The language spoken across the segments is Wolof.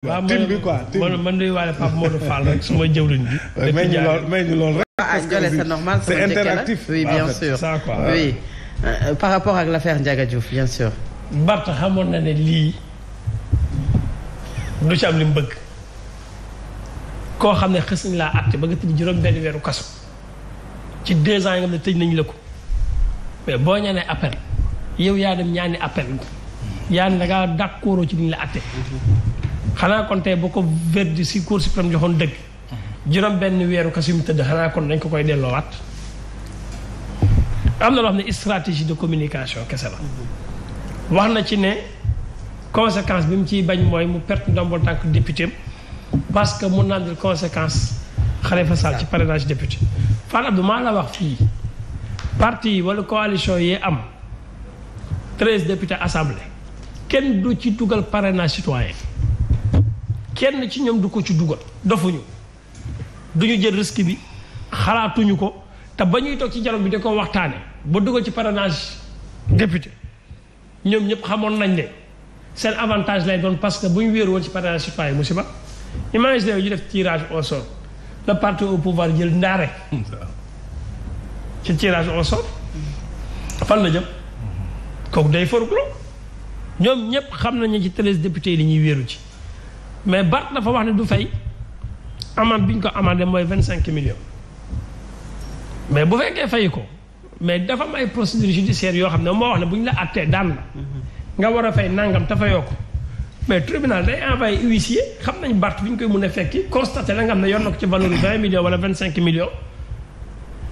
tim bi quoi tim man man day waale Pape Modou Fall rek su ma jëwriñ bi. may ñu lool may ñu lool rek. Ah, parce que c'est normal c'est interactif oui ah, euh, par rapport ak l'affaire Ndiaga Diouf bien sûr. Bart xamoon na ne lii du ci am li mu bëgg koo xam ne xës nañ laa àtte ba nga tëj juróom-benn weeru kaso ci deux ans yi nga xam ne tëj nañ la ko boo ñaanee appel yow yaa dem ñaani appel yaa ne da ngaa d'accord ci li la àtte. xanaa konte tey bu ko verdi si cour suprême joxoon dëgg juróom benn weeru kasi mu tëdd xanaa kon dañ ko koy delloowaat am na loo xam ne stratégie de communication kese la wax na ci ne conséquence bi mu ciy bañ mooy mu perte ndombol tànk député parce que mun naa conséquence Khalifa Sall ci parrainage député Fall Abdou la wax fii parti yi wala coalition yee am treize députés assemblée kenn du ci dugal parrainage citoyen kenn ci ñoom du ko ci dugal dofuñu duñu jël risque bi xalaatuñu ko te ba ñuy toog ci dialogue bi de ko waxtaane ba dugal ci parrainage député ñoom ñëpp xamoon nañ ne seen avantage lay doon parce que bu ñu wéeru woon ci parrainage citoyen musiba imagine yu def tirage au sort le parti au pouvoir jël ndaare ci tirage au sort fan la jëm kooku day foruklo ñëpp xam nañu ci treize députés yi li ñuy wéeru ci mais Bart dafa wax ne du fay amende bi ñu ko amandé mooy vingt cinq millions mais bu fekkee fay ko mais dafa am ay procédure judiciaire yoo xam ne moo wax ne bu ñu la attee daan la nga war a fay nangam te fayoo ko mais tribunal day envoyé huissier xam nañ Bart bi ñu koy mun a fekki constaté la xam ne yor na ko ci valeur vingt millions wala vingt cinq millions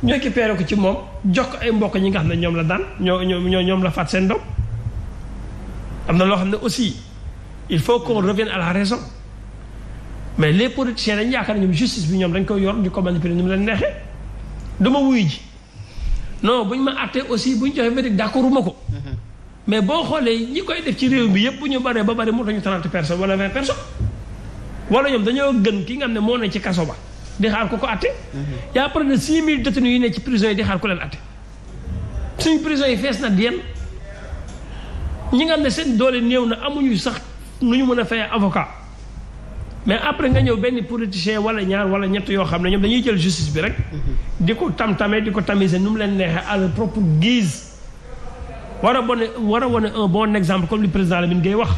ñu pere ko ci moom jox ko ay mbokk ñi nga xam ne ñoom la daan ñoo ñoo ñoom la faat seen doom na loo xam ne aussi il faut qu'on revienne à mais les politiciens dañ yaakaar ñoom justice bi ñoom dañ koy yor di ko manipuler ni mu leen neexee du ma wuyu ji ma àttee aussi buñ joxee verdict d'accordu ma ko. Mm-hmm. mais boo xoolee ñi koy ci réew mi yëpp bu ñu baree ba bari mu tañu trente personnes wala vingt wala ñoom dañoo gën ki nga ne moo ne ci kaso ba di xaar ku ko àtte. Mm-hmm. y de six mille détenus ci prison yi di xaar ku leen suñ prison yi fees na diyen ñi nga xam ne seen doole néew na amuñu sax nu ñu mën a fay avocat. mais après nga ñëw benn politicien wala ñaar wala ñett yoo xam ne ñoom dañuy jël justice bi rek. di ko tam-tamee di ko tamiser nu mu leen neexee à leur propre guise. war a bone war a wone un bon exemple comme li président Lamine Gueye wax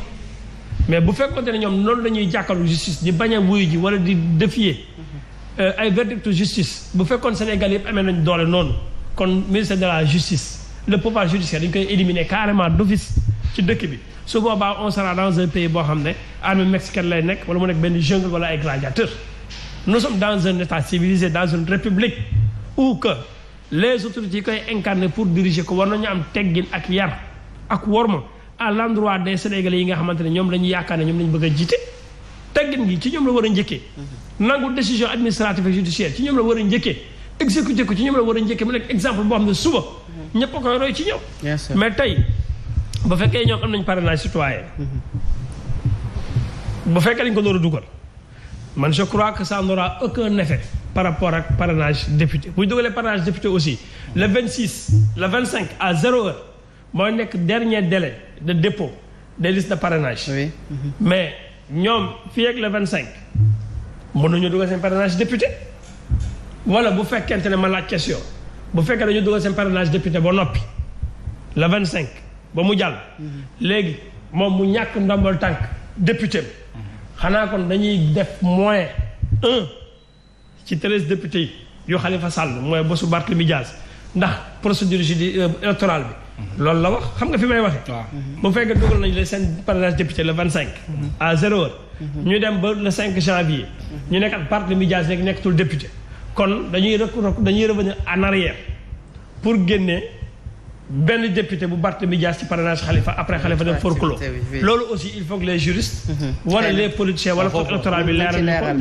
mais bu fekkoonte ne ñoom noonu la ñuy jàkkalu justice di bañ a wuyu ji wala di défier. Euh, ay verdict justice bu fekkoon Sénégal yëpp amee nañ doole noonu kon ministre de la justice. le pouvoir judiciaire dañ koy éliminer carrément d'office ci dëkk bi su boobaa on sera dans un pays boo xam ne armée mexicaine lay nekk wala mu nekk benn jungle wala ay gladiateurs nous sommes dans un état civilisé dans une république où que les autorités yi koy incarner pour diriger ko war nañu am teggin ak yar ak worma à l'endroit des sénégalais yi nga xamante ne ñoom la ñu yaakaar ne ñoom la bëgg a jiite teggin gi ci ñoom la war a njëkkee nangu décision administrative war a njëkkee exécuté ko ci ñoom la war ñëpp a koy roy ci ñoom. mais tey bu fekkee ñoom am nañ parrainage citoyen mm-hmm. bu fekkee dañ ko door a dugal man je crois que ça n'aura aucun effet par rapport ak parrainage député bu ñu dugalee parrainage député aussi le 26 le cinq à 0 heure mooy nekk dernier délai de dépôt des listes de parrainage. Mm-hmm. mais ñoom fii ak le 25 mënuñu dugal seen parrainage député wala bu fekkente ne ma laaj question. bu fekkee dañu dugal seen parrainage député ba noppi le vingt cinq ba mu jàll mhm. léegi moom mu ñàkk ndombal tànk député mhm. xanaa kon dañuy def moins un ci treize députés yi yu Khalifa Sall mooy bosu Barthélemy Dias ndax procédure judi euh, électorale bi mhm. loolu la wax xam nga fi may waxee bu fekkee dugal nañ le seen parrainage député le vingt cinq à zéro heure ñu dem ba le cinq janvier ñu nekkat Barthélemy Dias nekk nekkatul député kon dañuy rek dañuy revenir en arrière pour génne benn député bu Barthélémy Dias ci parrainage Khalifa après Khalifa dem forclos loolu aussi il faut que les juristes mhm. wala les politiciens wala code ah, électoral bi leeral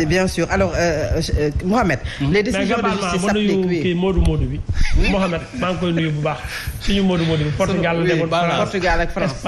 ñu bien sûr alors euh, euh, euh, Mohamed hmm? les décisions de justice hmm? bu baax suñu Modou Modou bi Portugal la demoon Portugal ak France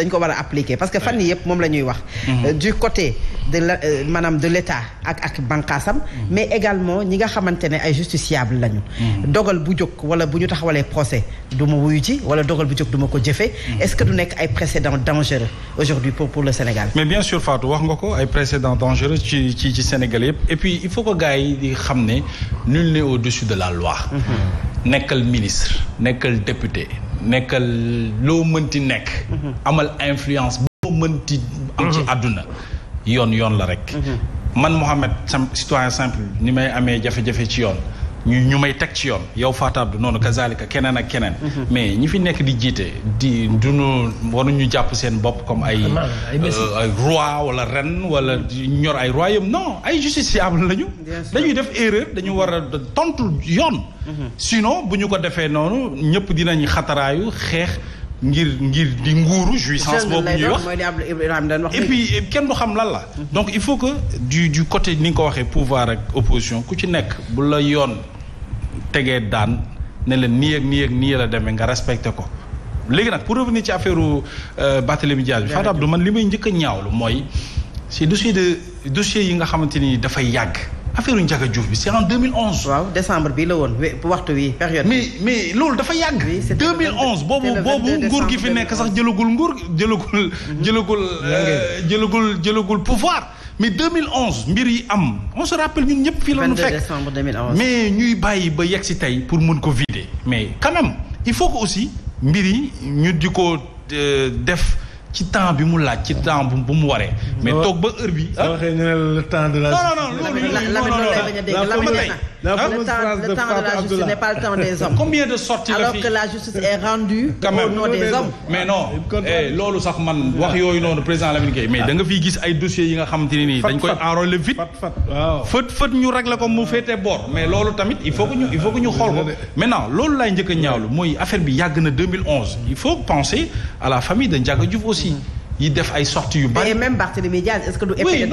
dañ ko war a appliquer parce que fan yi yëpp moom la wax Euh, du côté de la euh, maanaam de l'État ak ak bànqaasam mais également ñi nga xamante ne ay justiciable lañu dogal bu jóg wala bu ñu taxawalee procès du ma wuyu ci wala dogal bu jóg duma ko jëfee est-ce que du nekk ay précédent dangereux aujourd'hui pour pour le Sénégal mais bien sûr Fatou wax nga ko ay précédent dangereux ci ci ci Sénégal yëpp et puis il faut que gars xam ne nul n'est au-dessus de la loi nekkal ministre nekkal député nekkal loo mënti nekk amal influence mënti am ci mhm. àdduna yoon yoon la rek mhm. man Mouhamed citoyen simple ni may amee jafe-jafe ci yoon ñu ñu may teg ci yoon yow Fatou Abdou noonu kazalika keneen ak keneen. Mhm. mais ñi fi nekk di jiite di nu waruñu jàpp seen bopp comme ay. Ah, euh, roi wala ren wala ñor ay royaume non ay justiciable lañu. dañuy def erreur dañu war a tontu yoon. sinon bu ñu ko defee noonu ñëpp dinañ xataraayu xeex. ngir ngir di nguuru jouissance boobu ñuy wax et puis kenn du xam lan la donc il faut que du du côté ni nga ko waxee pouvoir ak opposition ku ci nekk bu la yoon tegee daan ne leen nii ak ni ak nii la demee nga respecté ko léegi nag pour revenir ci affaire euh, Barthélémy Dias bi Fatou Abdou man li may njëkk a ñaawlu mooy si dossier de dossier yi nga xamante ni dafay yàgg affaire Ndiaga Diouf bi c'est en 2011. waaw décembre bi la woon waxtu wi période mais mais loolu dafa yàgg. oui c'est onse boobu boobu nguur gi fi nekk sax jëlagul nguur jëlagul. Mhm. jëlagul euh, jëlagul jëlagul pouvoir. mais 2011 mbir yi am on se ñun ñëpp fii la ñu fekk mais ñuy bàyyi ba yegg si tey pour mun ko vider mais kanam même il faut que aussi mbir yi ñu di ko euh, def. ci temps bi mu laaj ci temps bu mu waree. mais toog ba heure bi. ah waxee ñu ne le temps de la. la le temps de ah, eh, loolu sax man wax yooyu noonu président Lamine Gueye mais ah. da nga fiy gis ay dossiers yi nga xamante ne nii dañ koy enrôler vite. fët fët ñu régler ko mu ah. féete boor. mais loolu tamit il faut que ñu il faut que ñu xool ko maintenant loolu laay njëkk a ñaawlu mooy affaire bi yàgg na 2011 il faut penser à la famille de Ndiaga Diouf aussi aussi yi def ay sorties yu bari. même Barthélémy Diaz est-ce que du épée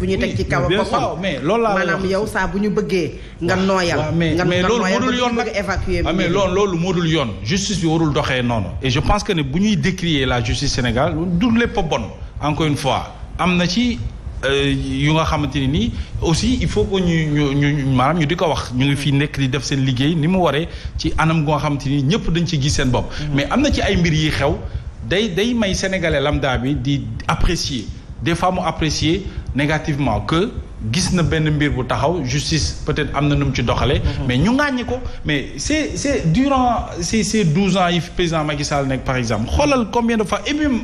bu ñu teg ci kaw boppam mais loolu laa maanaam yow saa bu ñu bëggee nga nooyal nga mais loolu moo dul yoon bëgg évacuer ah, mais loolu loolu moo dul yoon justice bi warul doxee noonu et je pense que ne bu ñuy décrier la justice Sénégal du lépp a bon en une fois am na ci euh, yu nga xamante ni nii aussi il faut que ñu ñu ñu maanaam ñu di ko wax ñu ngi fii nekk di def seen liggéey ni mu waree ci anam gu nga xamante ni ñëpp dañ ci gis seen bopp mm. mais am na ci ay mbir yi xew day day may sénégalais lambda bi di apprécier des fois mu apprécier négativement que gis na benn mbir bu taxaw justice peut-être am na nu mu ci doxalee. Mhm. mais ñu ŋàññi ko mais c'est c'est durant ces ces douze ans yi fi président Macky Sall nekk par exemple xoolal combien de fa et même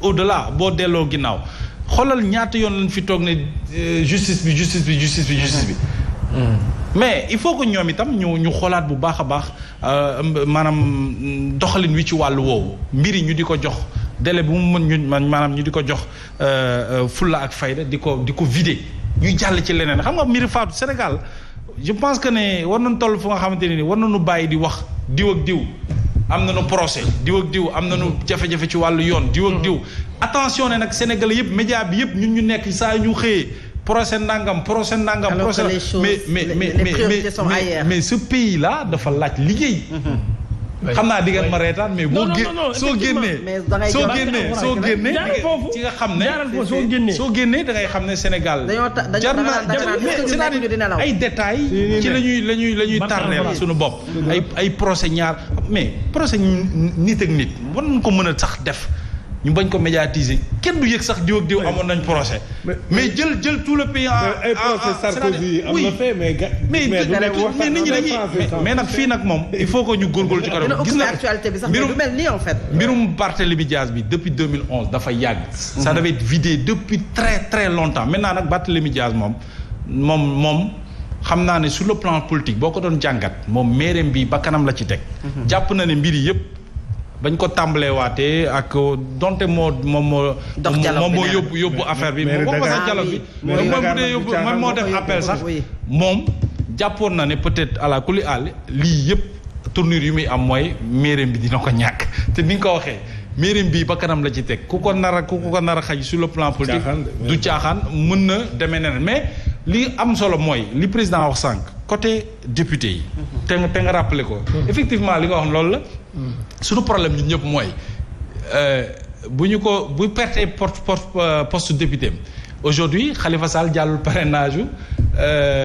au-delà boo delloo ginnaaw xoolal ñaata yoon lañ fi toog ne euh, justice bi justice bi justice bi justice bi. Mhm. mais il faut que ñoom itam ñu ñu xoolaat bu baax a baax euh, maanaam doxalin wi ci wàll woowu mbir yi ñu di ko jox délai bu mu mën ñu maanaam ñu di ko jox euh, euh, fulla ak fayda di ko di ko vider ñu jàll ci leneen xam nga mbiri faatu Sénégal je pense que ne war nañ toll fu nga xamante ne ni war nañu bàyyi di wax diw ak diw am nañu procès diw ak diw am nañu jafe-jafe ci wàll yoon diw ak mhm. diw attention ne nag sénégal yëpp média bi yëpp ñun ñu nekk saa ñu xëyee procès ndàngam procès nangam. procès mais mais mais mais mais ce pays là dafa laaj liggéey. xam naa di ngeen ma reetaan mais boo gé soo génnee soo génnee soo génnee ci nga xam ne soo génnee da ngay xam ne Sénégal jar na cest à ay détails ci la ñuy la ñuy la ñuy tardeel suñu bopp mm-hmm. ay ay procès ñaar mais procès nit ak nit war nañ ko mën a sax def ñu bañ ko médiatiser kenn du yëg sax diw ak diw amoon nañ procès. mais jël jël tout le pays. a ay procès Sarkozy mais mais mais nag fii nag moom. il faut que ñu góorgóorlu ci kanam gis na actualité bi sax mais mbirum Barthélémy Dias bi depuis 2011 dafa yàgg. ça devait être vidé depuis très très longtemps maintenant nag Barthélémy Dias moom moom moom. xam naa ne su le plan politique boo ko doon jàngat moom meereem bi ba kanam la ci teg. Mhm. jàpp na ne mbir yëpp. bañ ko tàmbalee waatee ak euh, donte moo moom moo. dox moom moo yóbbu yóbbu affaire bi. mais mais sax dialogue bi. moom moo def appel sax moom. jàppoon na ne peut-être à la àll lii yëpp tournure yu muy am mooy maireem bi dina ko ñàkk te ni nga ko waxee maireem bii ba kanam la ci teg ku ko nar a ku ko nar a xaj sur le plan politique du caaxaan mën na demee neneen mais li am solo mooy li président wax sànq côté député yi mhm. te nga te nga rappelé ko mhm. effectivement li nga wax loolu la mhm. suñu problème ñun ñëpp mooy euh, bu ñu ko bu pertee porte porte euh, poste député aujourd'hui Khalifa Sall jàllul parrainage euh,